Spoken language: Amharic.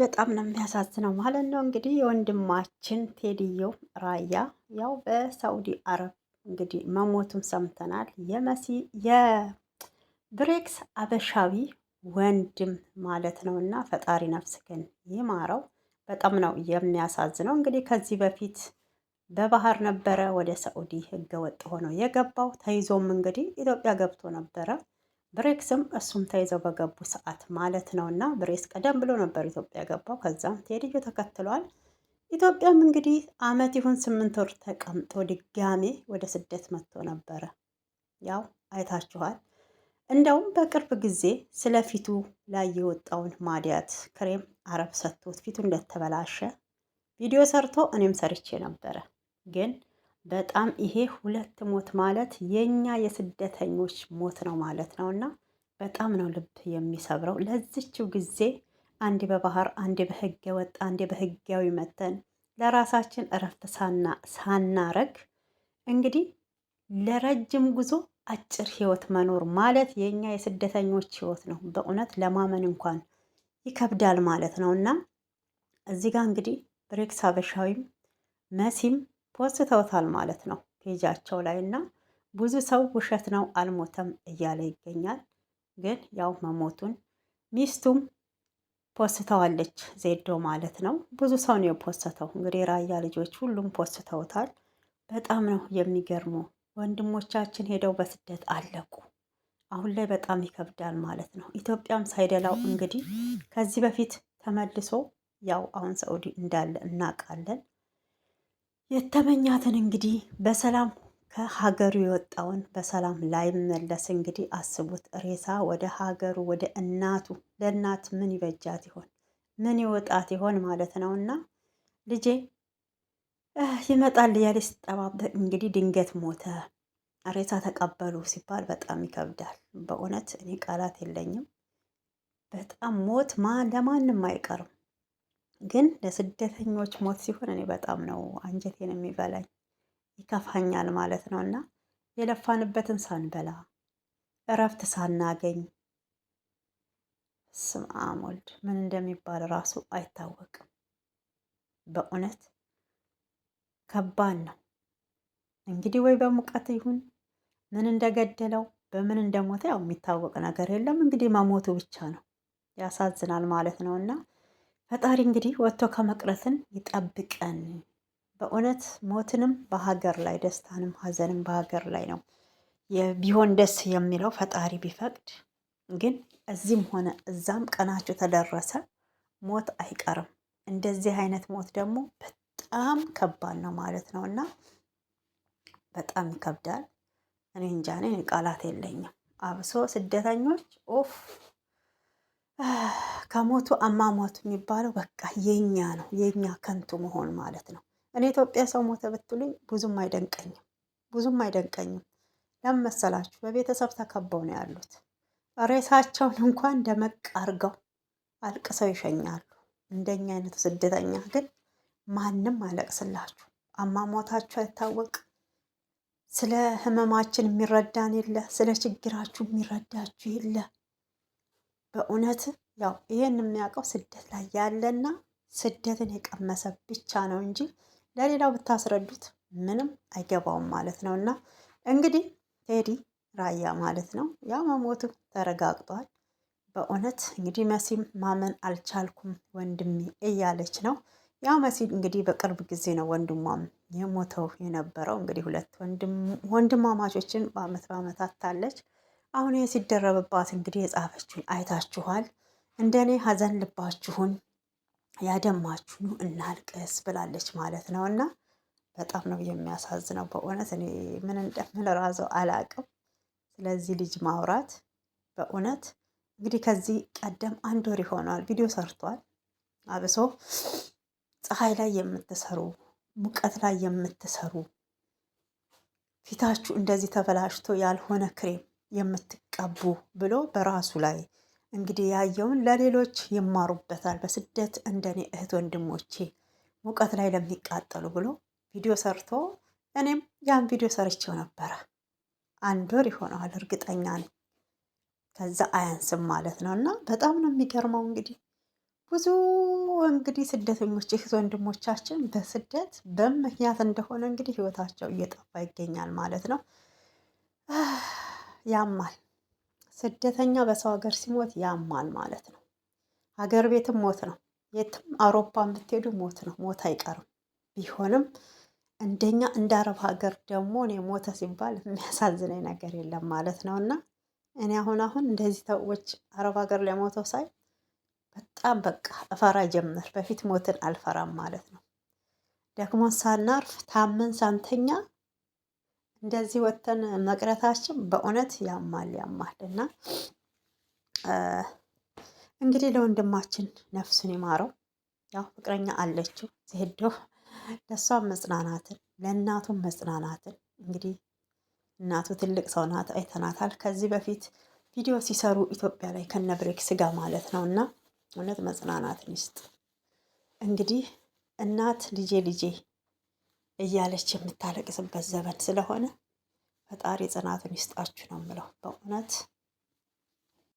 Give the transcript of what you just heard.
በጣም ነው የሚያሳዝነው ማለት ነው። እንግዲህ የወንድማችን ቴዲየው ራያ ያው በሳውዲ አረብ እንግዲህ መሞቱን ሰምተናል። የመሲ የብሬክስ አበሻዊ ወንድም ማለት ነው እና ፈጣሪ ነፍስ ግን ይማረው። በጣም ነው የሚያሳዝነው። እንግዲህ ከዚህ በፊት በባህር ነበረ ወደ ሳዑዲ ህገወጥ ሆኖ የገባው ተይዞም እንግዲህ ኢትዮጵያ ገብቶ ነበረ ብሬክስም እሱም ተይዘው በገቡ ሰዓት ማለት ነው። እና ብሬስ ቀደም ብሎ ነበር ኢትዮጵያ ገባው። ከዛም ቴዲዮ ተከትሏል። ኢትዮጵያም እንግዲህ አመት ይሁን ስምንት ወር ተቀምጦ ድጋሜ ወደ ስደት መጥቶ ነበረ። ያው አይታችኋል። እንደውም በቅርብ ጊዜ ስለ ፊቱ ላይ የወጣውን ማዲያት ክሬም አረብ ሰጥቶት ፊቱ እንደተበላሸ ቪዲዮ ሰርቶ እኔም ሰርቼ ነበረ ግን በጣም ይሄ ሁለት ሞት ማለት የኛ የስደተኞች ሞት ነው ማለት ነው። እና በጣም ነው ልብ የሚሰብረው። ለዚችው ጊዜ አንድ በባህር አንድ በህገ ወጥ አንድ በህጋዊ መተን ለራሳችን እረፍት ሳናረግ እንግዲህ ለረጅም ጉዞ አጭር ህይወት መኖር ማለት የእኛ የስደተኞች ህይወት ነው። በእውነት ለማመን እንኳን ይከብዳል ማለት ነው እና እዚህ ጋር እንግዲህ ብሬክስ አበሻዊም መሲም ፖስተውታል ማለት ነው ፔጃቸው ላይ እና ብዙ ሰው ውሸት ነው አልሞተም እያለ ይገኛል። ግን ያው መሞቱን ሚስቱም ፖስተዋለች ዜዶ ማለት ነው። ብዙ ሰው ነው የፖስተው። እንግዲህ ራያ ልጆች ሁሉም ፖስተውታል። በጣም ነው የሚገርሙ። ወንድሞቻችን ሄደው በስደት አለቁ። አሁን ላይ በጣም ይከብዳል ማለት ነው። ኢትዮጵያም ሳይደላው እንግዲህ ከዚህ በፊት ተመልሶ ያው አሁን ሰዑዲ እንዳለ እናውቃለን። የተመኛትን እንግዲህ በሰላም ከሀገሩ የወጣውን በሰላም ላይመለስ እንግዲህ አስቡት። ሬሳ ወደ ሀገሩ ወደ እናቱ ለእናት ምን ይበጃት ይሆን? ምን ይወጣት ይሆን ማለት ነው። እና ልጄ ይመጣል እያለች ስጠባበቅ እንግዲህ ድንገት ሞተ። ሬሳ ተቀበሉ ሲባል በጣም ይከብዳል። በእውነት እኔ ቃላት የለኝም። በጣም ሞት ለማንም አይቀርም። ግን ለስደተኞች ሞት ሲሆን እኔ በጣም ነው አንጀቴን የሚበላኝ ይከፋኛል ማለት ነው። እና የለፋንበትን ሳንበላ እረፍት ሳናገኝ ስም አሞልድ ምን እንደሚባል ራሱ አይታወቅም። በእውነት ከባድ ነው። እንግዲህ ወይ በሙቀት ይሁን ምን እንደገደለው በምን እንደሞተ ያው የሚታወቅ ነገር የለም። እንግዲህ መሞቱ ብቻ ነው ያሳዝናል ማለት ነው እና ፈጣሪ እንግዲህ ወጥቶ ከመቅረትን ይጠብቀን። በእውነት ሞትንም በሀገር ላይ ደስታንም ሀዘንም በሀገር ላይ ነው ቢሆን ደስ የሚለው ፈጣሪ ቢፈቅድ። ግን እዚህም ሆነ እዛም ቀናቸው ተደረሰ፣ ሞት አይቀርም። እንደዚህ አይነት ሞት ደግሞ በጣም ከባድ ነው ማለት ነው እና በጣም ይከብዳል። እኔ እንጃ እኔ ቃላት የለኝም። አብሶ ስደተኞች ኦፍ ከሞቱ አሟሟቱ የሚባለው በቃ የኛ ነው፣ የኛ ከንቱ መሆን ማለት ነው። እኔ ኢትዮጵያ ሰው ሞተ ብትሉኝ ብዙም አይደንቀኝም፣ ብዙም አይደንቀኝም። ለምን መሰላችሁ? በቤተሰብ ተከበው ነው ያሉት። ሬሳቸውን እንኳን ደመቅ አርገው አልቅሰው ይሸኛሉ። እንደኛ አይነቱ ስደተኛ ግን ማንም አለቅስላችሁ። አሟሟታችሁ አይታወቅ። ስለ ህመማችን የሚረዳን የለ፣ ስለ ችግራችሁ የሚረዳችሁ የለ። በእውነት ያው ይሄን የሚያውቀው ስደት ላይ ያለና ስደትን የቀመሰ ብቻ ነው እንጂ ለሌላው ብታስረዱት ምንም አይገባውም ማለት ነው። እና እንግዲህ ቴዲ ራያ ማለት ነው ያው መሞቱ ተረጋግጧል። በእውነት እንግዲህ መሲም ማመን አልቻልኩም ወንድሜ እያለች ነው። ያው መሲ እንግዲህ በቅርብ ጊዜ ነው ወንድሟም የሞተው የነበረው። እንግዲህ ሁለት ወንድማማቾችን በአመት በአመት አታለች። አሁን ሲደረብባት እንግዲህ የጻፈችውን አይታችኋል። እንደ እኔ ልባችሁን ያደማችሁ እናልቅስ ብላለች ማለት ነው። እና በጣም ነው የሚያሳዝነው በእውነት እኔ ምን እንደምል አላቅም። ስለዚህ ልጅ ማውራት በእውነት እንግዲህ ከዚህ ቀደም አንድ ወር ይሆነዋል ቪዲዮ ሰርቷል። አብሶ ፀሐይ ላይ የምትሰሩ ሙቀት ላይ የምትሰሩ ፊታችሁ እንደዚህ ተበላሽቶ ያልሆነ ክሬም የምትቀቡ ብሎ በራሱ ላይ እንግዲህ ያየውን ለሌሎች ይማሩበታል። በስደት እንደኔ እህት ወንድሞቼ ሙቀት ላይ ለሚቃጠሉ ብሎ ቪዲዮ ሰርቶ እኔም ያን ቪዲዮ ሰርቼው ነበረ። አንድ ወር ይሆነዋል እርግጠኛ ነኝ። ከዛ አያንስም ማለት ነው። እና በጣም ነው የሚገርመው እንግዲህ ብዙ እንግዲህ ስደተኞች እህት ወንድሞቻችን በስደት በምክንያት እንደሆነ እንግዲህ ህይወታቸው እየጠፋ ይገኛል ማለት ነው። ያማል። ስደተኛ በሰው ሀገር ሲሞት ያማል ማለት ነው። ሀገር ቤትም ሞት ነው። የትም አውሮፓ የምትሄዱ ሞት ነው። ሞት አይቀርም። ቢሆንም እንደኛ እንደ አረብ ሀገር ደግሞ እኔ ሞተ ሲባል የሚያሳዝነኝ ነገር የለም ማለት ነው። እና እኔ አሁን አሁን እንደዚህ ሰዎች አረብ ሀገር ላይ ሞተው ሳይ በጣም በቃ እፈራ ጀምር። በፊት ሞትን አልፈራም ማለት ነው። ደግሞ ሳናርፍ ታመን ሳንተኛ እንደዚህ ወተን መቅረታችን በእውነት ያማል ያማል። እና እንግዲህ ለወንድማችን ነፍሱን ይማረው። ያው ፍቅረኛ አለችው ሄደው ለእሷም መጽናናትን ለእናቱም መጽናናትን እንግዲህ እናቱ ትልቅ ሰው ናት፣ አይተናታል ከዚህ በፊት ቪዲዮ ሲሰሩ ኢትዮጵያ ላይ ከነብሬክ ስጋ ማለት ነው። እና እውነት መጽናናትን ይስጥ። እንግዲህ እናት ልጄ ልጄ እያለች የምታለቅስበት ዘመን ስለሆነ ፈጣሪ ጽናቱን ይስጣችሁ ነው የምለው በእውነት